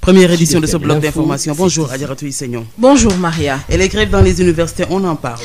Première édition de ce bloc d'information. Bonjour Adjaratou Seignon. Bonjour Maria. Et les grèves dans les universités, on en parle.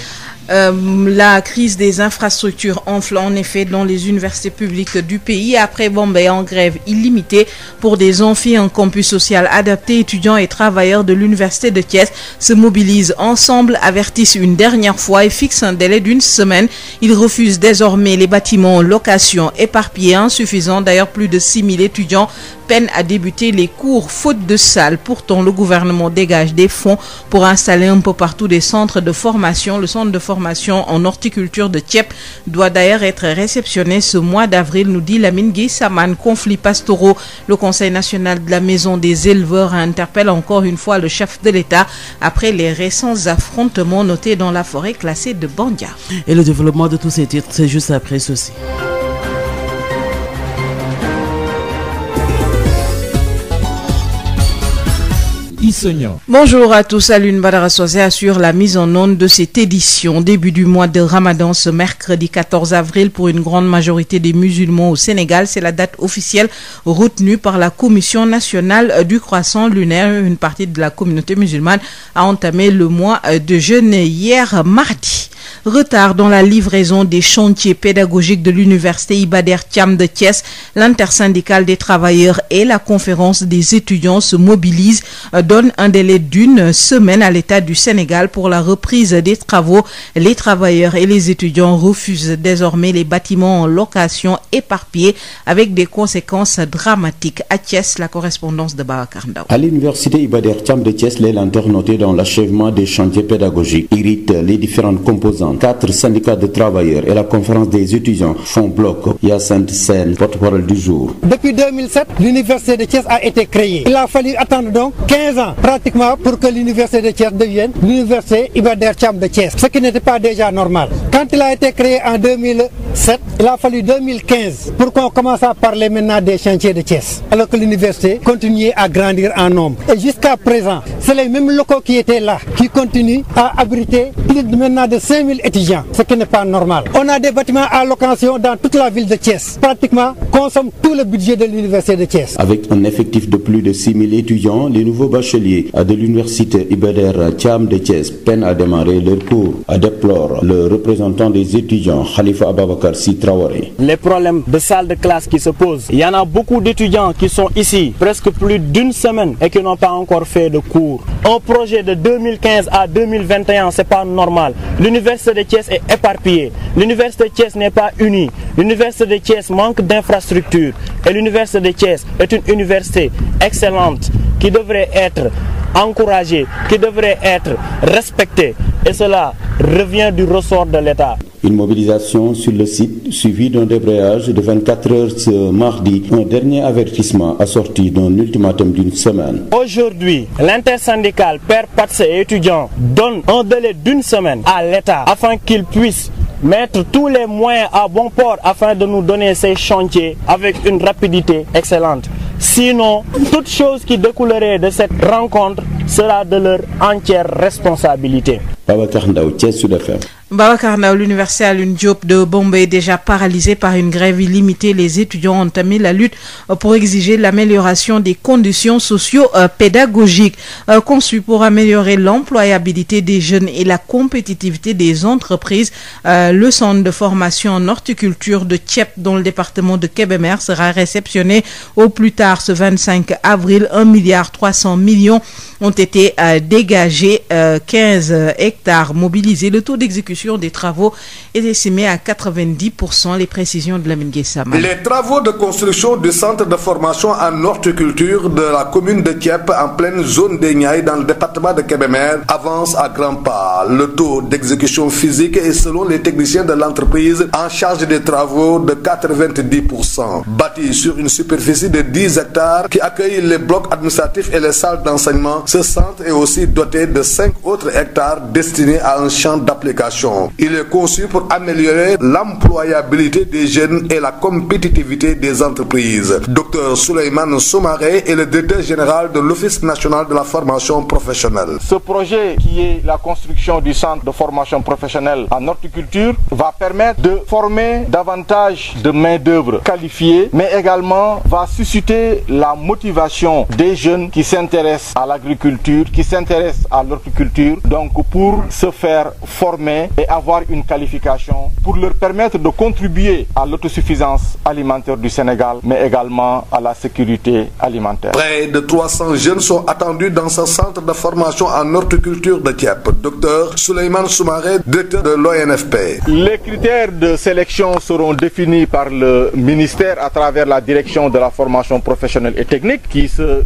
Euh, la crise des infrastructures enfle en effet dans les universités publiques du pays après Bombay en grève illimitée pour des amphis, un campus social adapté. Étudiants et travailleurs de l'université de Thiès se mobilisent ensemble, avertissent une dernière fois et fixent un délai d'une semaine. Ils refusent désormais les bâtiments en location éparpillés, insuffisants. D'ailleurs, plus de 6000 étudiants peinent à débuter les cours faute de salles. Pourtant, le gouvernement dégage des pour installer un peu partout des centres de formation. Le centre formation formation en horticulture de Thiep doit d'ailleurs être réceptionné ce mois d'avril, nous dit Lamine Gueye Saman. Conflits pastoraux. Le Conseil national de la Maison des éleveurs interpelle encore une fois le chef de l'État après les récents affrontements notés dans la forêt classée de Bandia. Et le développement de tous ces titres, c'est juste après ceci. Pissignan. Bonjour à tous, Alioune la mise en onde de cette édition. Début du mois de Ramadan ce mercredi 14 avril pour une grande majorité des musulmans au Sénégal, c'est la date officielle retenue par la Commission nationale du croissant lunaire. Une partie de la communauté musulmane a entamé le mois de jeûne hier mardi. Retard dans la livraison des chantiers pédagogiques de l'université Iba Der Thiam de Thiès, l'intersyndicale des travailleurs et la conférence des étudiants se mobilisent, euh, donnent un délai d'une semaine à l'État du Sénégal pour la reprise des travaux. Les travailleurs et les étudiants refusent désormais les bâtiments en location éparpillés avec des conséquences dramatiques. À Thiès, la correspondance de Babacar Ndaw. À l'université Iba Der de Thiès, les lenteurs notées dans l'achèvement des opposants, Depuis l'université de Thiès a été créée. Il a fallu attendre donc ans pratiquement pour que l'université de Thiès devienne l'université Iba Der de Thiès, ce qui n'était pas déjà normal. Quand il a été créé en il a fallu pour qu'on commence à parler maintenant des chantiers de Thiès, alors que l'université continuait à grandir en nombre. Et jusqu'à présent, c'est les mêmes locaux qui étaient là qui continuent à abriter plus de maintenant de 5000 étudiants, ce qui n'est pas normal. On a des bâtiments à location dans toute la ville de Thiès, pratiquement consomment tout le budget de l'université de Thiès. Avec un effectif de plus de étudiants, les nouveaux bacheliers de l'université Iba Der de Thiès peinent à démarrer leur cours, à déplore le représentant des étudiants Khalifa Ababakar Sy Traoré. Les problèmes de salle de classe qui se posent, il y en a beaucoup d'étudiants qui sont ici presque l'université de Thiès est éparpillée, l'université de Thiès n'est pas unie, l'université de Thiès manque d'infrastructures et l'université de Thiès est une université excellente qui devrait être encouragé, qui devrait être respecté. Et cela revient du ressort de l'État. Une mobilisation sur le site suivie d'un débrayage de 24 heures ce mardi. Un dernier avertissement assorti d'un ultimatum d'une semaine. Aujourd'hui, l'intersyndicale Père Patse et étudiants donne un délai d'une semaine à l'État afin qu'il puisse mettre tous les moyens à bon port afin de nous donner ces chantiers avec une rapidité excellente. Sinon, toute chose qui découlerait de cette rencontre sera de leur entière responsabilité. Babacar Ndaw, Thiès Sud FM. Babacar Ndao l'université Alioune Diop de Bombay est déjà paralysée par une grève illimitée les étudiants ont entamé la lutte euh, pour exiger l'amélioration des conditions socio-pédagogiques euh, conçues pour améliorer l'employabilité des jeunes et la compétitivité des entreprises euh, le centre de formation en horticulture de Thiep dans le département de Kébémer sera réceptionné au plus tard ce 25 avril 1 milliard 300 millions ont été euh, dégagés 15 euh, euh, hectares mobilisés. Le taux d'exécution des travaux est estimé à 90%. Les précisions de Lamine Guessama. Les travaux de construction du centre de formation en horticulture de la commune de Thiep en pleine zone des Niayes dans le département de Kébémer avancent à grands pas. Le taux d'exécution physique est les techniciens de l'entreprise en charge des travaux de 90%. Bâti sur une superficie de 10 hectares qui accueille les blocs administratifs et les salles d'enseignement, Ce centre est aussi doté de cinq autres hectares destinés à un champ d'application. Il est conçu pour améliorer l'employabilité des jeunes et la compétitivité des entreprises. Dr Souleymane Soumaré est le directeur général de l'Office national de la formation professionnelle. Ce projet qui est la construction du centre de formation professionnelle en horticulture va permettre de former davantage de main-d'œuvre qualifiée, mais également va susciter la motivation des jeunes qui s'intéressent à l'agriculture, qui s'intéressent à l'horticulture, donc pour se faire former et avoir une qualification pour leur permettre de contribuer à l'autosuffisance alimentaire du Sénégal, mais également à la sécurité alimentaire. de 300 jeunes sont attendus dans ce centre de formation en horticulture de Thiep. Docteur Souleymane Soumaré, directeur de l'ONFP. Les de sélection par le ministère à travers la direction de la formation professionnelle et technique qui se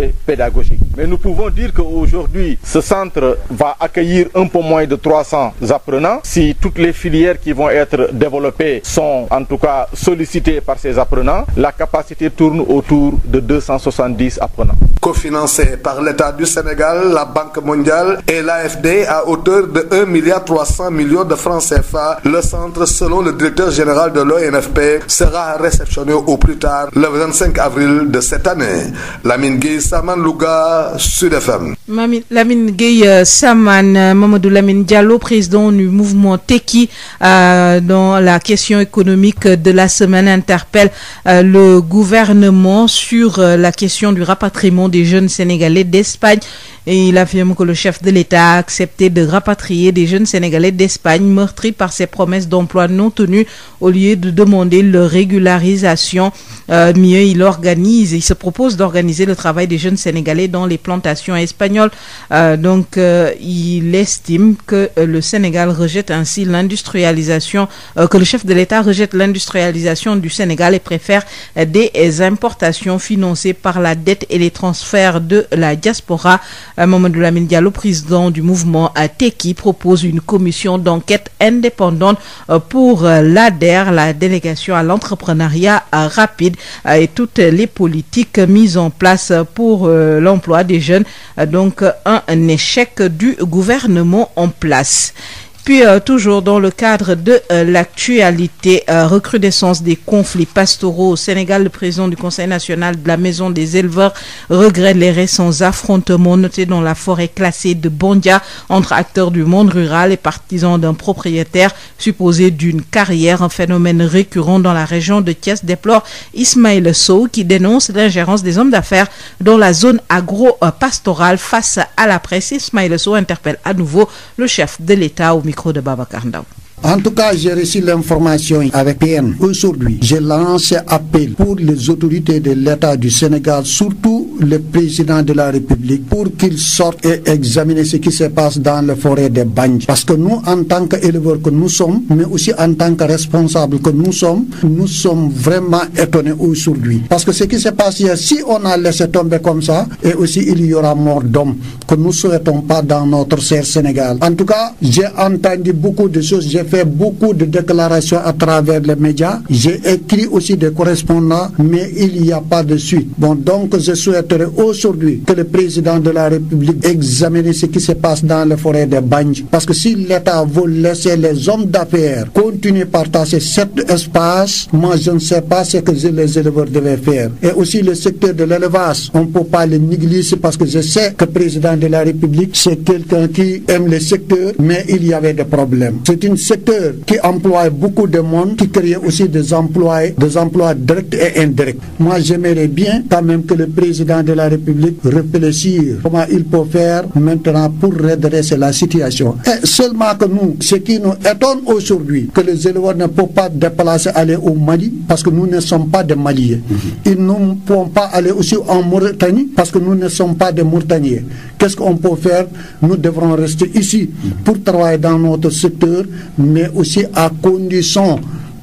aspect pédagogique. Mais nous pouvons dire qu'aujourd'hui, ce centre va accueillir un peu moins de 300 apprenants si toutes les filières qui vont être développées sont cas sollicitées par ces apprenants. La capacité tourne autour de 270 apprenants. Cofinancé par l'État du Sénégal, la Banque mondiale et l'AFD à hauteur de 1,3 milliard de francs CFA, le centre, selon le directeur général de l'ONFP, sera réceptionné au plus tard le 25 avril de cette année. Lamine Guise Samane Louga Sud FM. Mami Lamine Gueye euh, Samane euh, Mamadou Lamine président du mouvement Tekki euh, dans la question économique de la semaine interpelle euh, le gouvernement sur la question du rapatriement des jeunes Sénégalais d'Espagne Et il affirme que le chef de l'État a accepté de rapatrier des jeunes Sénégalais d'Espagne meurtris par ses promesses d'emploi non tenues au lieu de demander leur régularisation. Euh, mieux, il organise, il se propose d'organiser le travail des jeunes Sénégalais dans les plantations espagnoles. Euh, donc, euh, il estime que euh, le Sénégal rejette ainsi l'industrialisation, euh, que le chef de l'État rejette l'industrialisation du Sénégal et préfère des importations financées par la dette et les transferts de la diaspora. Euh, Mamadou Lamine Diallo président du mouvement euh, Tekki propose une commission d'enquête indépendante euh, pour l'ADER la délégation à l'entrepreneuriat rapide et toutes les politiques mises en place pour l'emploi des jeunes donc un échec du gouvernement en place Puis euh, toujours dans le cadre de euh, l'actualité, euh, recrudescence des conflits pastoraux au Sénégal, le président du Conseil national de la Maison des éleveurs regrette les récents affrontements notés dans la forêt classée de Bandia entre acteurs du monde rural et partisans d'un propriétaire supposé d'une carrière, un phénomène récurrent dans la région de Thiès, déplore Ismaël Sow qui dénonce l'ingérence des hommes d'affaires dans la zone agro-pastorale la presse. Ismaël Sow interpelle à nouveau le chef micro de Babacar Ndaw En tout cas, j'ai reçu l'information avec PN. Aujourd'hui, je lance appel pour les autorités de l'État du Sénégal, surtout le président de la République pour qu'il sorte et examine ce qui se passe dans le forêts des Bandj. Parce que nous, en tant qu'éleveurs que nous sommes, mais aussi en tant que responsables que nous sommes, nous sommes vraiment étonnés aujourd'hui. Parce que ce qui se passe hier, si on a laissé tomber comme ça, et aussi il y aura mort d'hommes que nous ne souhaitons pas dans notre cher Sénégal. En tout cas, j'ai entendu beaucoup de choses, j'ai fait beaucoup de déclarations à travers les médias, j'ai écrit aussi des correspondants, a pas de souhaiterais aujourd'hui que le président de la République examine ce qui se passe dans les forêts de Banj. Parce que si l'État veut laisser les hommes d'affaires continuer par tasser cet espace, moi je ne sais pas ce que les éleveurs devaient faire. Et aussi le secteur de l'élevage, on ne peut pas le négliger parce que je sais que le président de la République, c'est quelqu'un qui aime le secteur, mais il y avait des problèmes. C'est un secteur qui emploie beaucoup de monde, qui crée aussi des emplois, des emplois directs et indirects. Moi j'aimerais bien quand même que le président de la République réfléchisse comment il peut faire maintenant pour redresser la situation. Et seulement les éleveurs ne peuvent pas déplacer, aller au Mali, parce que nous ne sommes pas des Maliens. Mhm. Ils ne pourront pas aller aussi en Mauritanie, parce que nous ne sommes pas des Mauritaniens. Qu'est-ce qu'on peut faire Nous devrons rester ici mhm. pour travailler dans notre secteur, mais aussi à condition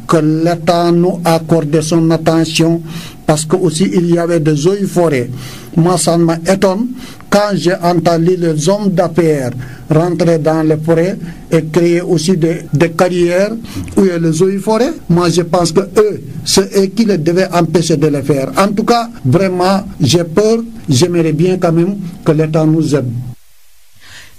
que l'État nous accorde son attention, parce que aussi il y avait des eaux forêts. Moi, ça m'étonne quand j'ai entendu les hommes d'APR rentrer dans les forêts et créer aussi des, des carrières où il y a les eaux forêts, moi je pense que eux, est eux qui les devaient empêcher de le faire. En tout cas, vraiment, j'ai peur, bien quand même que l'État nous aide.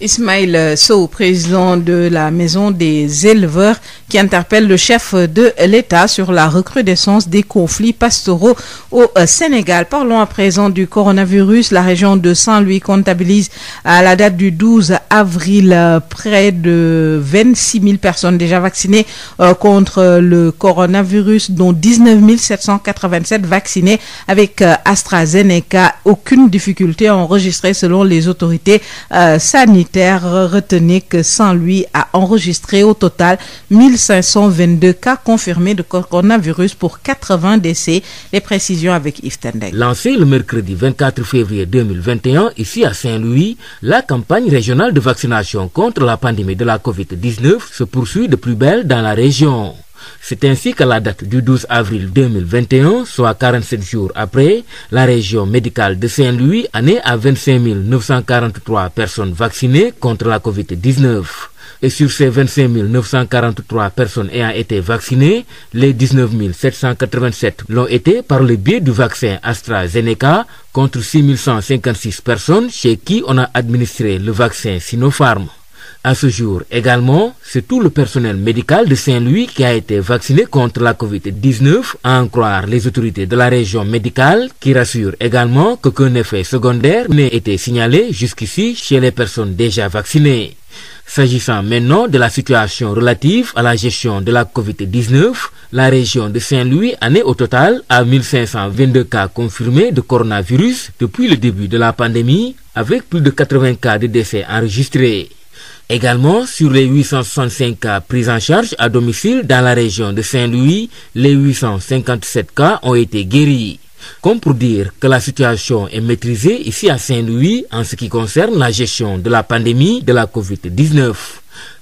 Ismaël Sow, président de la Maison des éleveurs, qui interpelle le chef de l'État sur la recrudescence des conflits pastoraux au Sénégal. Parlons à présent du coronavirus. La région de Saint-Louis comptabilise à la date du 12 avril près de 26 000 personnes déjà vaccinées euh, contre le coronavirus, dont 19 787 vaccinées avec euh, AstraZeneca. Aucune difficulté enregistrée selon les autorités euh, sanitaires. sanitaire, retenez que Saint-Louis a enregistré au total 1522 cas confirmés de coronavirus pour 80 décès. Les précisions avec Yves Tendek. Lancée le mercredi 24 février 2021, ici à Saint-Louis, la campagne régionale de vaccination contre la pandémie de la COVID-19 se poursuit de plus belle dans la région. C'est ainsi qu'à la date du 12 avril 2021, soit 47 jours après, la région médicale de Saint-Louis en est à 25 943 personnes vaccinées contre la COVID-19 et sur ces 25 943 personnes ayant été vaccinées, les 19 787 l'ont été par le biais du vaccin AstraZeneca contre 6 156 personnes chez qui on a administré le vaccin Sinopharm. À ce jour également, c'est tout le personnel médical de Saint-Louis qui a été vacciné contre la Covid-19, à en croire les autorités de la région médicale qui rassurent également qu'aucun effet secondaire n'est été signalé jusqu'ici chez les personnes déjà vaccinées. S'agissant maintenant de la situation relative à la gestion de la Covid-19, la région de Saint-Louis en est au total à 1522 cas confirmés de coronavirus depuis le début de la pandémie, avec plus de 80 cas de décès enregistrés. Également, sur les 865 cas pris en charge à domicile dans la région de Saint-Louis, les 857 cas ont été guéris. Comme pour dire que la situation est maîtrisée ici en ce la gestion de la pandémie de la COVID-19.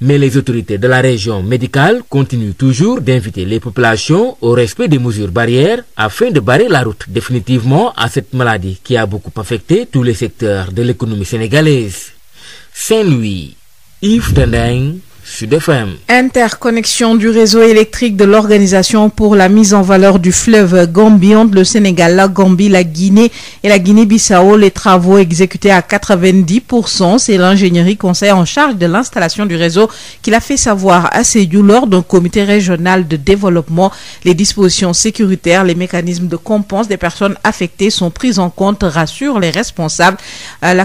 Mais les autorités de la région médicale continuent toujours d'inviter les populations au respect des mesures barrières afin de barrer la route définitivement à cette maladie qui a beaucoup affecté tous les secteurs de l'économie if the line Sud FM. Interconnexion du réseau électrique de l'Organisation pour la mise en valeur du fleuve Gambie entre la Gambie, la Guinée et la Guinée-Bissau. Les travaux exécutés à de l'a fait savoir à Sédhiou lors d'un comité régional de développement. Les dispositions sécuritaires, les mécanismes de compense des personnes affectées sont prises en compte, rassurent les responsables. Euh, la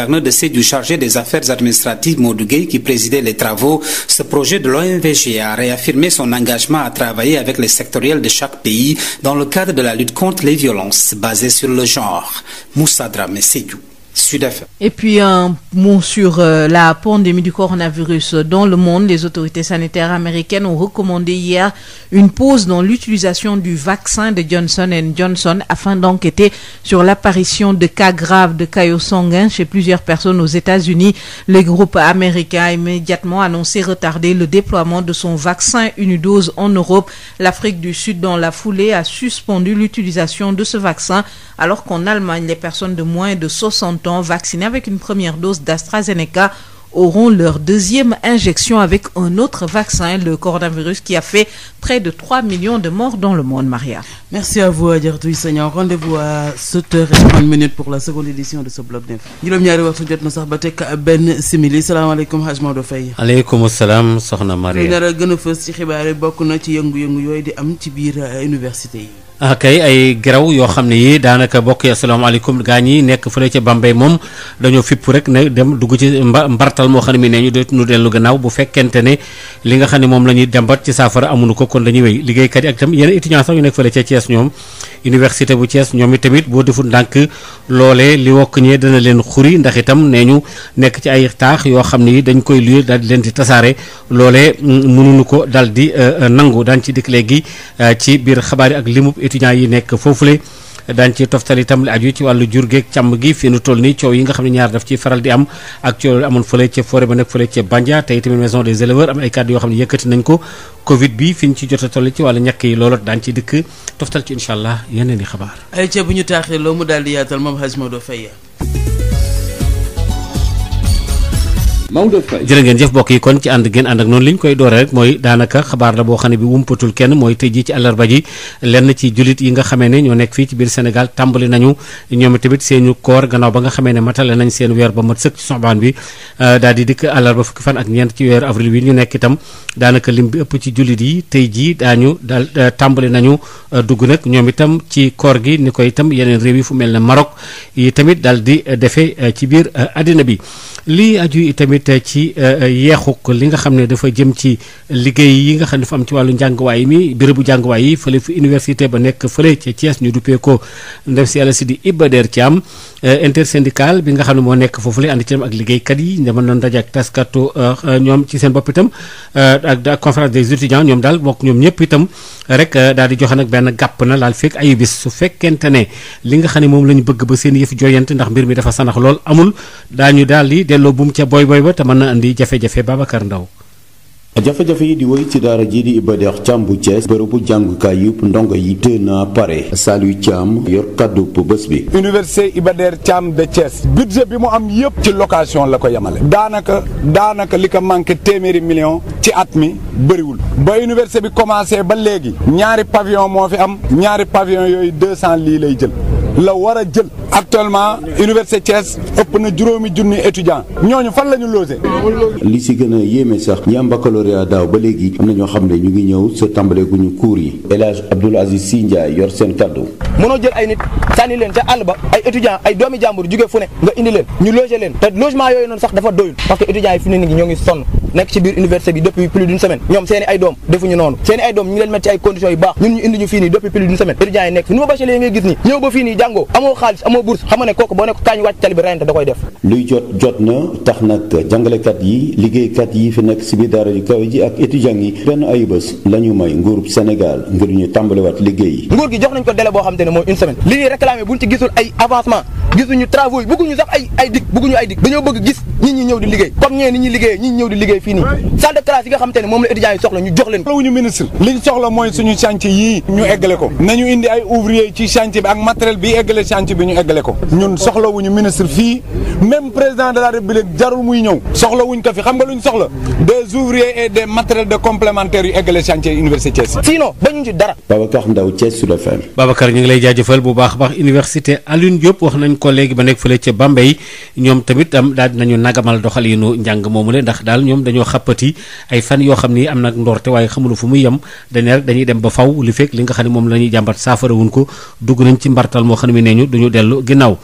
gouverneur de Sédou chargé des affaires administratives Modougay qui présidait les travaux, ce projet de l'OMVG a réaffirmé son engagement à travailler avec les sectoriels de chaque pays dans le cadre de la lutte contre les violences basées sur le genre. Sud FM. Et puis un mot sur euh, la pandémie du coronavirus dans le monde. Les autorités sanitaires américaines ont recommandé hier une pause dans l'utilisation du vaccin de Johnson Johnson afin d'enquêter sur l'apparition de cas graves de caillots sanguins chez plusieurs personnes aux États-Unis. Le groupe américain immédiatement annoncé retarder le déploiement de son vaccin une dose en Europe. L'Afrique du Sud, dans la foulée, a suspendu l'utilisation de ce vaccin moutons vaccinés avec une première dose d'AstraZeneca auront leur deuxième injection avec un autre vaccin, le coronavirus, qui a fait près de 3 millions de morts dans le monde, Maria. Merci à vous, Adjartou Issaignan. Rendez-vous à 7h30 minutes pour la seconde édition de ce bloc d'info. juróom ñaari waxtu jot na sax ba teg ben simili salaamaaleykum Hadj Maodo Faye. aleykum salaam soxna Maria. lu nar a gën a fës ci xibaar bokk na ci yëngu yooyu di am ci biir euh, université kay ay garaw yoo xam ne yi daanaka bokk yi asalaamaaleykum gaa ñi nekk fële ca Bambey moom dañoo fipp rek ne dem dugg ci mba mbartal moo xam ne mi ne ñu dootuñu dellu gannaaw bu fekkente ne li nga xam ne moom la dembat ci saafara amuñu ko kon dañuy wéy liggéeykat yi ak tam yeneen étudiants sax yu nekk fële ca Thiès ñoom université bu Thiès ñoom itamit boo deful ndànk loolee li wokk ñee dana leen xuri ndax itam nee ñu nekk ci ay taax yoo xam ne yi da koy luye daal di leen di tasaare loolee mm, mënuñu ko dal di euh, euh, nangu daan ci dikk léegi euh, ci biir étudiants yi nekk foofule daañ ci toftal itam li aju ci wàllu jur geeg gi fi nu toll nii coow yi nga xam ñaar daf ci faral di am ak coow loolu amoon fële ca forêt ba nekk fële ca Bandia tey tamit maison des éleveurs am ay yoo xam ne yëkkati nañ ko covid bi fi ñu ci jot a toll ci wàllu ñàkk yi loolu daañ ci dikk toftal ci incha allah yeneen i xabaar ay ca bu ñu taaxee loo mu daal yaatal moom Hadj Maodo Faye Maodo Faye jërë ngeen jëf mbokk yi kon ci ànd ngeen ànd ak noonu li ñu koy doore rek mooy daanaka xabaar la boo xam ne bi wumpatul kenn mooy tey jii ci àllarba ji lenn ci jullit yi nga xamee ne ñoo nekk fii ci biir Sénégal tàmbali nañu ñoom tamit seenu koor gannaaw ba nga xamee ne matale nañ seen weer ba mat sëkk ci soxbaan bi euh, daal di dikk àllarba fukki fan ak ñeent ci weeru avril bi ñu nekk itam daanaka lim bi ëpp ci jullit yi tey jii daañu daal euh, tàmbali nañu euh, dugg nag ñoom itam ci koor gi ni koy itam yeneen réew yi fu mel ne Maroc yi tamit daal di defee ci biir àddina bi lii aju itamit tamit ci euh, euh, yeexuk li nga xam ne dafa jëm ci liggéey yi nga xam ne dafa am ci wàllu njànguwaay mi bérébu njànguwaay yi fële fu université ba nekk fële euh, bi nga xam ne moo nekk foofu la ànd ci ak liggéeykat yi dama doon daje ak taskatu ñoom ci seen bopp itam ak conférence des ñoom daal bokk ñoom ñëpp itam rek daal di joxe nag benn gàpp na laal fekk ayu bis su fekkente ne li nga xam ne moom la ñu bëgg ba seen yëf joyante ndax mbir mi dafa sanax lool amul daañu daal di delloo buum ca boy boy ba la te mën na andi jafe-jafe Babacar Ndaw jafe-jafe yi di woy ci daara ji di Iba Der Thiam bu Thiès bërëbu jàngukaay yëpp ndongo yi te na pare Saliou Thiam yor kàddu bu bés bi université Iba Der Thiam de Thiès budget bi mu am yëpp ci location la ko yemale daanaka daanaka li ko manqué téeméeri million ci at mi bëriwul ba université bi commencé ba léegi ñaari pavillon moo fi am ñaari pavillon yooyu 200 lii lay jël la war a jël actuellement université Thiès ëpp na juróomi junni étudiant ñooñu fan la ñu loosee. li si gën a yéeme sax ñi am baccalauréat daaw ba léegi am na ñoo xam ne ñu ngi ñëw sa tàmbaleeguñu cours yi El Hadj Abdoul Aziz Sy yor seen kaddu. mënoo jël ay nit sànni leen ca àll ba ay étudiant ay doomi jàmbur jugee fu ne nga indi leen ñu loger leen te logement yooyu noonu sax dafa doyul parce que yi fi ne nii ñoo ngi sonn nekk ci biir université bi depuis plus d'une semaine ñoom seen i ay doom defuñu noonu seen ay doom ñu leen mettre ci ay conditions yu baax ñun ñu indi ñu fii nii depuis plus d'une semaine étudiants yi nekk fii nii jàngoo amoo xaalis amoo bourse xam kooku boo nekk kañ wàcc tali bi da koy def luy jot jot na tax nag jàngalekat yi liggéeykat yi fi nekk si biir daara yu kaw ji ak étudiants yi benn ay bés may nguurub Sénégal ngir ñu tàmbaliwaat liggéey fii de classe yi nga xam te ne moom la étudiants yi soxla ñu jox leen soxlawuñu ministre liñ soxla mooy suñu chantier yii ñu eggale ko nañu indi ay ouvrier ci chantier bi ak matériel bi eggale chantier bi ñu eggale ko ñun soxlawuñu ministre fii même président de la république jarul muy ñëw soxlawuñ ko fi xam nga luñ soxla des ouvriers et des matériels de complémentaires yu eggale chantier université Thiès sinon bañu ci dara Babacar Ndaw Thiès Sud FM Babacar ñu ngi lay jaajëfal bu baax a baax université Alioune Diop wax nañ ko léegi ba nekk fële ca Bambey ñoom tamit am daal dinañu nagamal doxalinu njàng moomu le ndax daal ñoom dañoo xàppati ay fan yoo xam ni am nag ndoorte waaye xamulu fu muy yem dañu dañuy dem ba faw li fekk li nga xam ne moom la ñuy jàmbat saafara wuñ ko dugg nañ ci mbartal moo xam ne mi nee ñu duñu dellu ginnaaw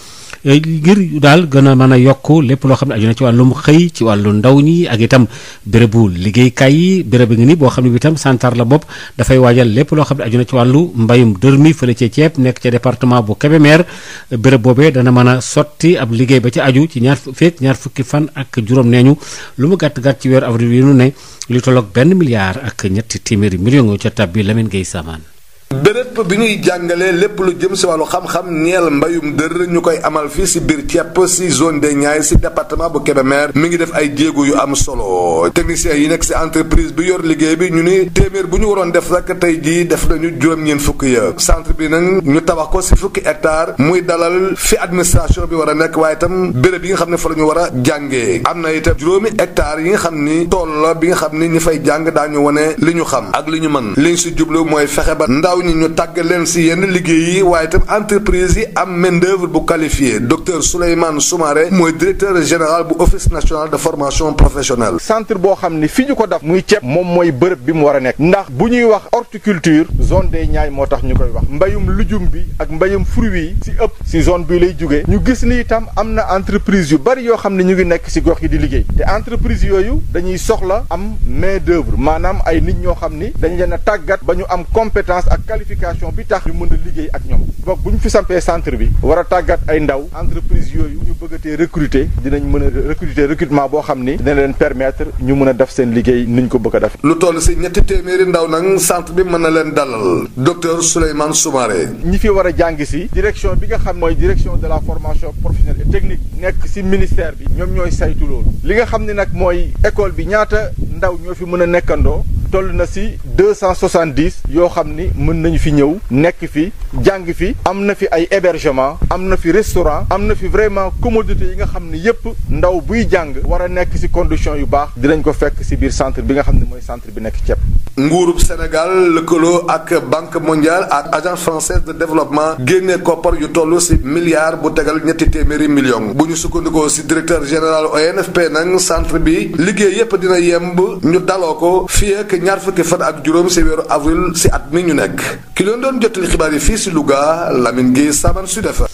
ngir daal gën a mën a yokk lépp loo xam ne aju na ci wàllum xëy ci wàllu ndaw ñi ak itam liggéey liggéeykaay yi béréb ngi ni boo xam ne bi itam santaar la bopp dafay waajal lépp loo xam ne aju na ci wàllu mbayum dër mi fële ci ceeb nekk ca département bu Kébémer béréb boobe dana mën a sotti ab liggéey ba ci aju ci ñaar feek ñaar fukki fan ak juróom nee ñu lu mu gàtt gàtt ci weeru avril yi nu ne lu tolloog benn milliard ak ñetti téeméeri million ca tab bi Lamine Gueye Samane béréb bi ñuy jàngalee lépp lu jëm si wàllu xam-xam ñeel mbayum dër ñu koy amal fii si biir cepp si zone des Niayes si département bu Kébémer mi ngi def ay jéego yu am solo techniciens yi nekk si entreprise bi yor liggéey bi ñu ni téeméer bu ñu waroon def rek tey jii def nañu juróom-ñeent fukki ya centre bi nag ñu tabax ko si fukki hectare muy dalal fi administration bi war a nekk waaye itam bërëb yi nga xam ne fa la ñu war a jàngee am na itam juróomi hectare yi nga xam ni tool la bi nga xam ni ñi fay jàng wane li ñu xam ak li ñu mën liñ si jublu mooy fexe ba ndaw ndaw ñu tàgg leen si yenn liggéey yi waaye itam entreprise yi am main d'œuvre bu qualifiée docteur Souleymane Soumaré mooy directeur général bu office national de formation professionnelle. centre boo xam ni fi ñu ko def muy ceeb moom mooy bërëb bi mu war a nekk ndax bu ñuy wax horticulture zone des Niayes moo tax ñu koy wax mbayum lujum bi ak mbayum fruit yi si ëpp si zone bi lay jugee ñu gis ni itam am na entreprise yu bari yoo xam ne ñu ngi nekk si gox yi di liggéey te entreprise yooyu dañuy soxla am main d'œuvre maanaam ay nit ñoo xam ni dañ leen a tàggat ba ñu am compétence ak qualification bi tax ñu mën a liggéey ak ñoom boog bu ñu fi sampee centre bi war a tàggat ay ndaw entreprise yooyu ñu bëggatee recruter dinañ mën a recruter recrutement boo xam ni dina leen permettre ñu mën a def seen liggéey niñ ko bëgg a def lu toll si ñetti téeméeri ndaw nag centre bi mën a leen dalal docteur Souleymane Soumaré ñi fi war a jàng si direction bi nga xam mooy direction de la formation professionnelle et technique nekk si ministère bi ñoom ñooy saytu li nga xam ne nag mooy école bi ñaata ndaw ñoo fi mën a nekkandoo toll na si deux cent soixante-dix yoo xam ni mën nañu fi ñëw nekk fi jàng fi am na fi ay hébergement am na fi restaurant am na fi vraiment commodité yi nga xam ni yépp ndaw buy jàng war a nekk ci condition yu baax dinañ ko fekk ci biir centre bi nga xam ne mooy centre bi nekk ceeb. nguurub Sénégal lëkkaloo ak banque mondiale ak agence française de développement génne koppar yu toll ci milliard bu tegal ñetti téeméeri million bu ñu sukkandikoo ci directeur général ONFP nag centre bi liggéey yépp dina yemb ñu daloo ko fii ak ñaar fukki fan ak juróom ci weeru avril at mi ñu nekk ki leen doon jottali xibaar yi fii si Louga Lamine Gueye Saban Sud FM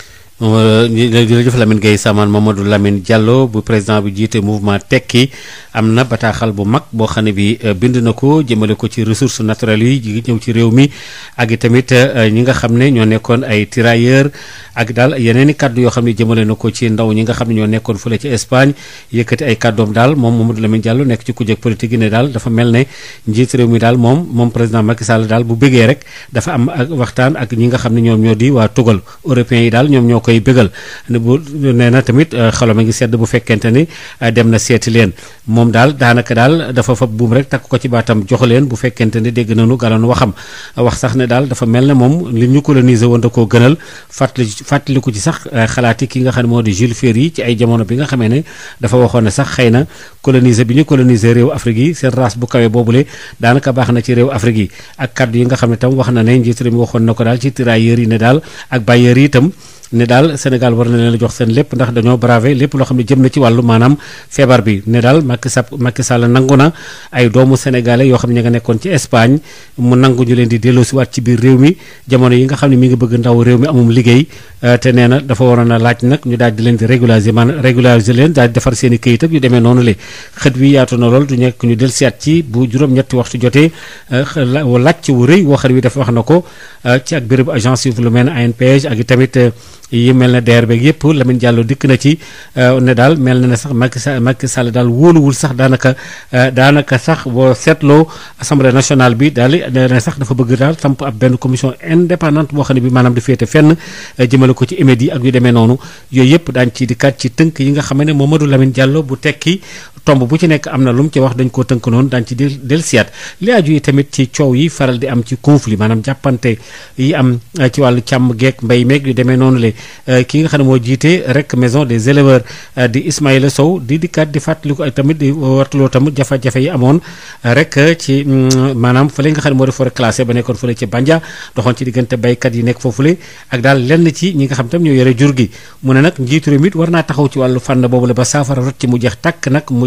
jërëjëf Lamine Gueye Samane Mamadou Lamine Diallo bu président bi jiite mouvement tekki am na bataaxal bu mag boo xam ne bi euh, bind na ko jëmale ko ci ressources naturelles yi ñëw ci réew mi ak i tamit euh, ñi nga xam ne ñoo nekkoon ay tirailleurs ak daal yeneen i yoo xam ne jëmale na ko ci ndaw ñi nga xam ne ñoo nekkoon fële ci Espagne yëkkati ay kàddoom daal moom Mamadou Lamine Diallo nekk ci kujje politique yi ne daal dafa mel ne njiit réew mi daal moom moom président Macky Sall daal bu bëggee rek dafa am ak waxtaan ak ñi nga xam ne ñoom ñoo waa tugal européens yi koy bégal bu nee tamit euh, xolom a ngi sedd bu fekkente ni euh, dem na seeti leen moom daal daanaka daal dafa fa buum rek takk ko ci baatam jox leen bu fekkente ni dégg nañu galoon waxam wax sax ne daal dafa mel ne moom li ñu coloniser woon da koo gënal fàttali fàttaliku ci sax euh, xalaati ki nga xam ne moo di Jules yi ci ay jamono bi nga xamee ne dafa waxoon ne sax xëy na coloniser bi ñu coloniser réew Afrique yi seen race bu kawe boobule daanaka baax na ci réew Afrique yi ak kàddu yi nga xam ne tam wax na ne njiit na ko daal ci tirailleurs yi ne ne daal Sénégal war na leen a jox seen lépp ndax dañoo bravé lépp loo xam ne jëm na ci wàllu maanaam feebar bi ne daal Macky Sall Macky Sall nangu na ay doomu sénégalais yoo xam ne ña nga nekkoon ci Espagne mu nangu ñu leen di delloosiwaat ci biir euh, na dafa waroon a laaj nag ñu daal di leen di régulariser maanaam régulariser leen daal di defar seen i këyit ak yu demee noonu le xët wi yaatu na lool du nekk ñu del siyaat ci bu juróom-ñetti waxtu jotee euh, laaj ci wu rëy waxar wi dafa wax na ko euh, ci ak béréb agence yu lu mel ne ANPEJ tamit yi mel na DER beeg yëpp Lamine Diallo dikk na ci euh, ne daal mel na ne sax Macky Sall Macky Sall daal wóoluwul sax daanaka euh, daanaka sax boo seetloo assemblée nationale bi daal nee na sax dafa bëgg daal samp ab benn commission indépendante boo xam ne bi maanaam di féete fenn euh, jëmale ko ci émédi yi ak yu demee noonu yooyu yëpp daañu ciy dikkaat ci tënk yi nga xam ne Mamadou Lamine Diallo bu tekki tomb bu ci nekk am na lu mu ci wax dañ koo tënk noonu daañu ci del dellusiwaat li aju yi tamit ci coow yi faral di am ci conflit maanaam jàppante yi am eh, ci wàllu càmm geek mbay meeg yu demee noonu le eh, ki nga xam ne moo jiite rek maison des éleveurs eh, di Ismaïla Sow di dikkaat di fàttaliku tamit di wartaloo tamit jafe-jafe yi amoon rek ci mm, maanaam fële nga xam ne moo di forêt classée ba nekkoon fële ci Bandia doxoon ci diggante baykat yi nekk foofule ak daal lenn ci ñi nga xam tam ñoo yore jur gi mu ne nag njiitu réew mi war naa taxaw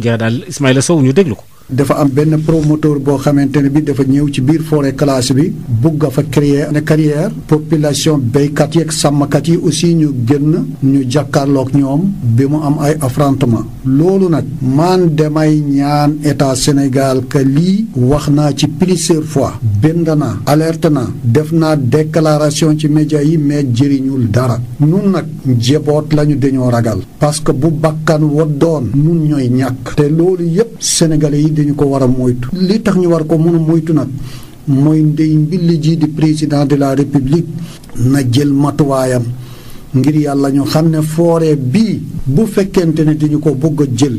Dia daal Ismaïla Sow ñu déglu dafa am benn promoteur boo xamante ne bi dafa ñëw ci biir forêt classée bi bugg fa créer une carrière population béykat yeeg sàmmkat yi aussi ñu génn ñu jàkkaarloog ñoom bi mu am ay affrontement loolu nag man damay ñaan état Sénégal que lii wax naa ci plusieurs fois bind na alerte na def na déclaration ci média yi mais jëriñul dara nun nag njaboot lañu dañoo ragal parce que bu bakkan wa doon nun ñooy ñàkk te loolu yépp sénégalais yi dañu ko war a moytu li tax ñu war ko mën moytu nag mooy ndey mbill jii di président de la république na jël matuwaayam ngir yàlla ñu xam ne foore bii bu fekkente ne dañu ko bëgg a jël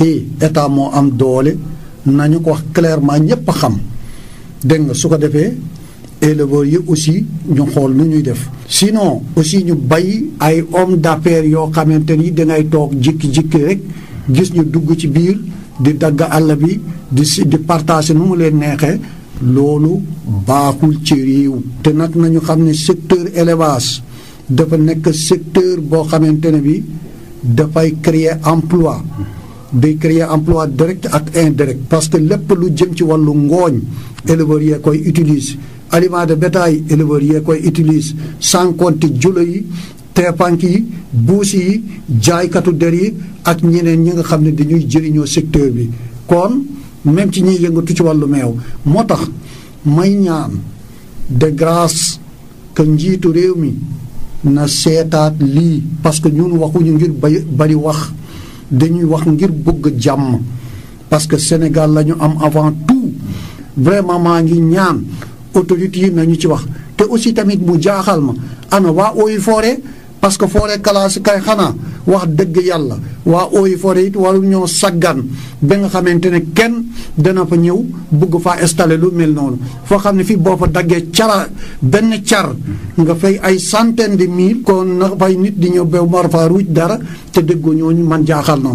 hé état moo am doole nañu ko wax clairement ñépp xam dégg nga su ko defee éleveurs yi aussi ñu xool nu ñuy def sinon aussi ñu bay ay hommes d'affaires yoo xamante ni dangay toog jikki-jikki rek gis ñu dugg ci biir di dagg àll bi di si di nu mu leen neexee loolu baaxul ci réew te nag nañu xam ne secteur élevage dafa nekk secteur boo xamante ne bi dafay créer emploi day créer emploi direct ak indirect parce que lépp lu jëm ci wàllu ngooñ éleveurs yee koy utilise aliment de bétail éleveurs yee koy utilise sans compter yi teepank yi buus yi jaaykatu der yi ak ñeneen ñi nga xam ne dañuy jëriñoo secteur bi kon même ci ñiy yëngatu ci wàllu meew moo tax may ñaan de grâce que njiitu réew mi na seetaat lii parce que ñun waxuñu ngir bay bari wax dañuy wax ngir bëgg jàmm parce que Sénégal la am avant tout vraiment maa ngi ñaan autorités yi nañu ci wax te aussi tamit mu jaaxal ma ana waa eaux et parce que forêt classée kay xanaa wax dëgg yàlla waa eaux et forêt it waru saggan ba xamante ne kenn dana fa ñëw bëgg faa installé lu mel noonu foo xam ne fii boo fa daggee cara benn car nga fay ay centaine de mille kon na fay nit di ñëw ba war faa dara te déggoo ñooñu man jaaxal na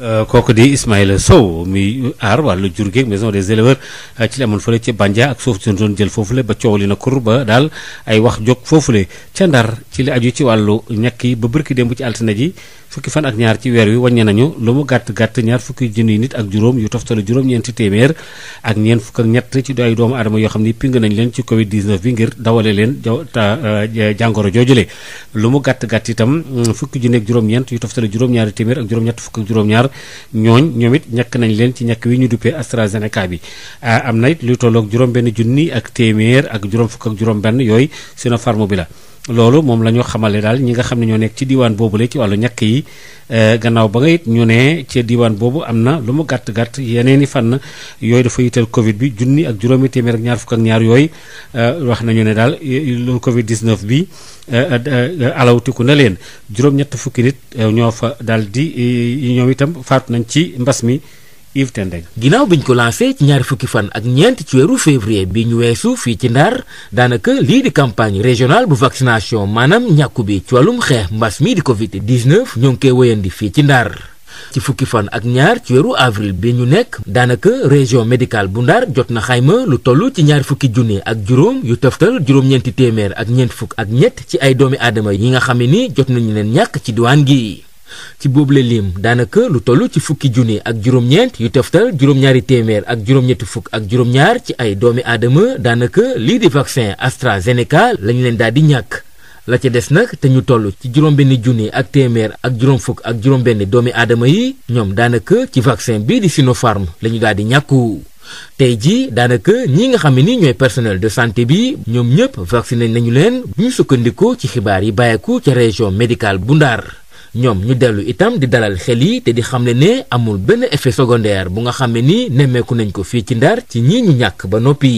Euh, kooku di Ismaïla Sow mi aar wàllu jur geeg maison de éleveurs euh, ci li amoon fële ca Bandia ak suuf si doon jël la ba coow li na kur ba daal ay wax jóg foofule ca ndar ci li aju ci wàllu ñàkk yi ba bërki démb ci altine ji fukki fan ak ñaar ci weer wi wàññe nañu lu mu gàtt gàtt ñaar fukki junniy nit ak juróom yu toftalu juróom-ñeenti téeméer ak ñeen fukk ñett ci ay doomu aadama yoo xam ni ping nañ leen ci Covid 19 bi ngir dawale leen euh, jàngoro joojule lu mu gàtt gàtt itam mm, fukki junni ak juróom-ñeent yu toftalu ñett fukk ak ñaar ñooñ ñoom it ñàkk nañ leen ci ñàkk wi ñu duppee AstraZeneca bi am na it lu tolloog juróom benn junni ak téeméer ak juróom fukk ak juróom benn yooyu Sinopharm bi la loolu moom la ñu xamale daal ñi nga xam ne ñoo nekk ci diwaan boobule ci wàllu ñàkk yi eh, gannaaw ba nga it ñu ne ci diwaan boobu am na lu mu gàtt-gàtt yeneen i fànn yooyu dafa yital covid bi junni ak juróomi téeméer ak ñaar fukk ak ñaar yooyu eh, wax nañu ne daal loolu covid 19 bi eh, alawtiku na leen juróom-ñett fukki nit ñoo fa daal di ñoom itam faatu nañ ci mbas mi Yves Tendeng ginnaaw bi ñu ko lancé ci ñaari fukki fan ak ñeent ci weeru février bi ñu weesu fii ci Ndar daanaka lii di campagne régionale bu vaccination maanaam ñàkku bi ci wàllum xeex mbas mi di Covid 19 ñoo ngi koy wéyandi fii ci Ndar. ci fukki fan ak ñaar ci weeru avril bi ñu nekk daanaka région médicale bu Ndar jot na xayma lu toll ci ñaar fukki junni ak juróom yu toftal juróom-ñeenti téeméer ak ñeent fukk ak ñett ci ay doomi aadama yi nga xam ne ni jot nañu leen ñàkk ci diwaan gi. ci boobu boobule lim daanaka lu toll ci fukki junni ak juróom-ñeent yu teftal juróom téeméer ak juróom fukk ak juróom ci ay doomi aadama daanaka lii di vaccin AstraZeneca lañ leen daal di ñàkk. la ca des nag te ñu toll ci juróom benni junni ak téeméer ak juróom ak juróom benni doomi aadama yi ñoom daanaka ci vaccin bii di Sinopharm la ñu daal di ñàkku tey jii daanaka ñii nga xam ne ni ñooy personnel de santé bi ñoom ñëpp vacciné nañu leen bu ñu sukkandikoo ci xibaar yi bàyyeeku ca région médicale bu Ndar ñoom ñu dellu itam di dalal xel yi te di xam ne ne amul benn effet secondaire bu nga xam ne ni nemmeeku nañ ko fii ci Ndar ci ñii ñàkk ba noppi.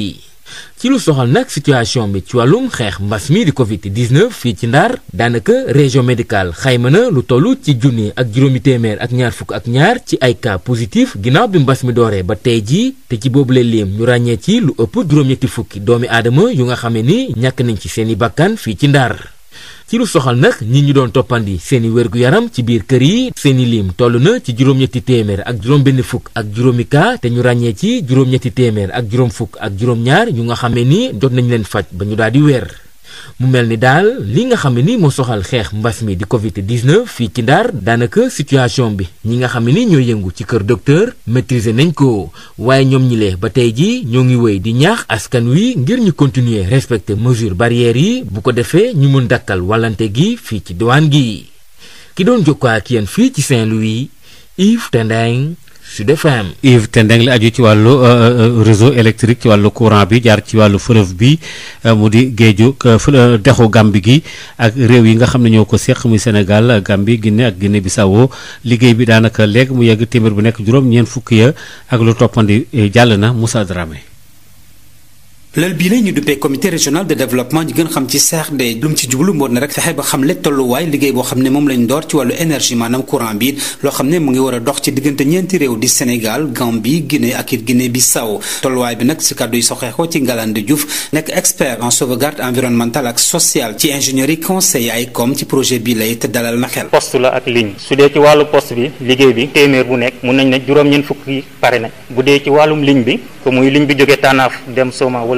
ci lu soxal nag situation bi ci wàllum xeex mbas mi di Covid fii ci Ndar daanaka région médical xayma na lu toll ci junni ak juróomi téeméer ak ñaar fukki ak ñaar ci ay cas positif ginnaaw bi mbas mi dooree ba tey jii te ci boobule lim ñu ràññee ci lu ëpp juróom-ñetti fukki doomi aadama yu nga xam ne ni ñàkk nañ ci seeni bakkan fii ci Ndar. ci lu soxal nag ñi ñu doon toppandi seeni i gu yaram ci biir kër yi seen i lim toll na ci juróom-ñetti téeméer ak juróom-benn fukk ak juróomi kaa te ñu ràññee ci juróom-ñetti téeméer ak juróom fukk ak juróom-ñaar ñu nga xamee ni jot nañ leen faj ba ñu daal di mu mel ni daal li nga xam ne ni moo soxal xeex mbas mi di Covid 19 fii ci Ndar daanaka situation bi ñi nga xam ne ni ñoo yëngu ci kër docteur maîtriser nañ ko waaye ñoom ñi lee ba tey jii ñoo ngi woy di ñaax askan wi ngir ñu continuer respecter mesures barrières yi bu ko defee ñu mën dakkal wàllante gi fii ci diwaan gi ki doon jokkoo ak yéen fii ci Saint-Louis Yves Tendeng Sud FM. Yves Tendeng li aju ci wàllu euh, euh, réseau électrique ci wàllu courant bi jaar ci wàllu fleuve bi euh, mu di géeju dexu Gàmbi gi ak réew yi nga xam ne ñoo ko seq muy Sénégal gambi Guinée ak Guinée Bissau liggéey bi daanaka léegi mu yegg téeméer bu nekk juróom-ñeent fukki ya ak lu toppandi eh, jàll na Moussa Dramé. lël bii la ñu duppee comité régional de développement ñu gën xam ci CRD lu mu ci jublu moom lañ door ci wàllu énergie maanaam courant bi loo xam ne mu ngi war a dox ci diggante ñeenti réew di Sénégal Gambie Guinée ak it Guinée Bissau tolluwaay bi nag si kàddu yi soxeekoo ci Ngalandou Diouf nekk expert en sauvegarde environnementale ak sociale ci ingénierie conseil ay com ci projet bii lay te dalal na xel. poste la ak ligne su dee ci wàllu poste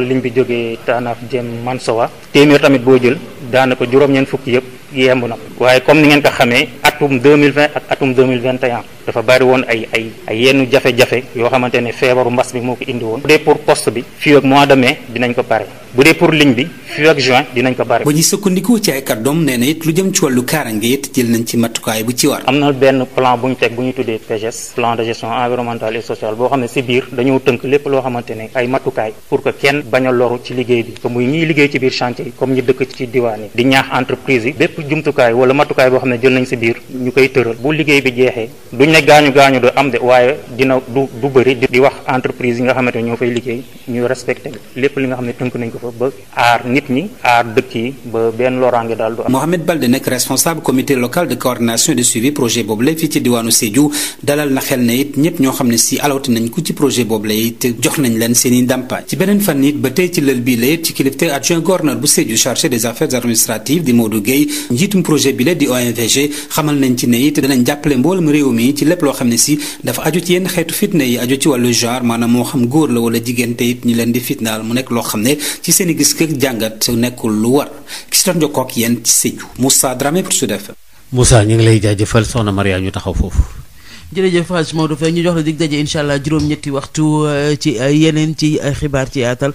ligne bi jógee Taanaaf jëm Mansowa téeméer tamit boo jël daanaka juróom-ñeent fukk yëpp yemb na waaye comme ni ngeen ko xamee atum 2020 ak atum 2021 dafa bari woon ay ay ay yenn jafe-jafe yoo xamante feebaru mbas bi moo ko indi woon bu dee pour poste bi fii ak mois de mai dinañ ko pare bu dee pour ligne bi fii ak juin dinañ ko pare. ba ay bu ci war. am na benn bu ñu teg bu ñu tuddee PGS plan xam ne si biir dañoo lépp loo xamante ne ay matukaay pour que kenn bañ a bi que muy ñiy liggéey ci biir chantier yi comme ñu dëkk ci diwaan yi di ñaax entreprise yi bépp jumtukaay wala matukaay boo xam liggéey bi jeexee duñ ne gaañu yi nga xamante ne ñoo fay liggéey ñu respecté lépp li nga xam ne tënk nañ ko fa ba aar nit benn loraange daal du am. Mohamed Baldé nekk responsable comité local de coordination et de suivi projet boobu lay fii ci diwaanu Sédhiou dalal na xel ne it ñëpp ñoo xam ne si alawti nañ ko ci projet boobu lay jox nañ leen seen i ndàmpaay ci beneen fan it ba tey ci lël bii la ci kilifte adjoint gouverneur bu Sédhiou chargé des affaires administratives di Modou Guèye njiitum projet bi la di OMVG xamal nañ ci ne it danañ jàppale mboolem réew mi lépp loo xam ne si dafa aju ci yenn xeetu fitna yi aju ci wàllu genre maanaam moo xam góor la wala jigéen te it ñu leen di fitnaal mu nekk loo xam ne ci seen i gis kër jàngat nekkul lu war ki si doon jokkoo ak yéen ci Sédhiou Moussa Dramé pour Sud FM. Moussa ñu ngi lay jaajëfal soxna Maria ñu taxaw foofu. jërëjëf Hadj Maodo Faye ñu jox la dig daje incha juróom-ñetti waxtu eh, ci eh, yeneen ci eh, xibaar ci yaatal.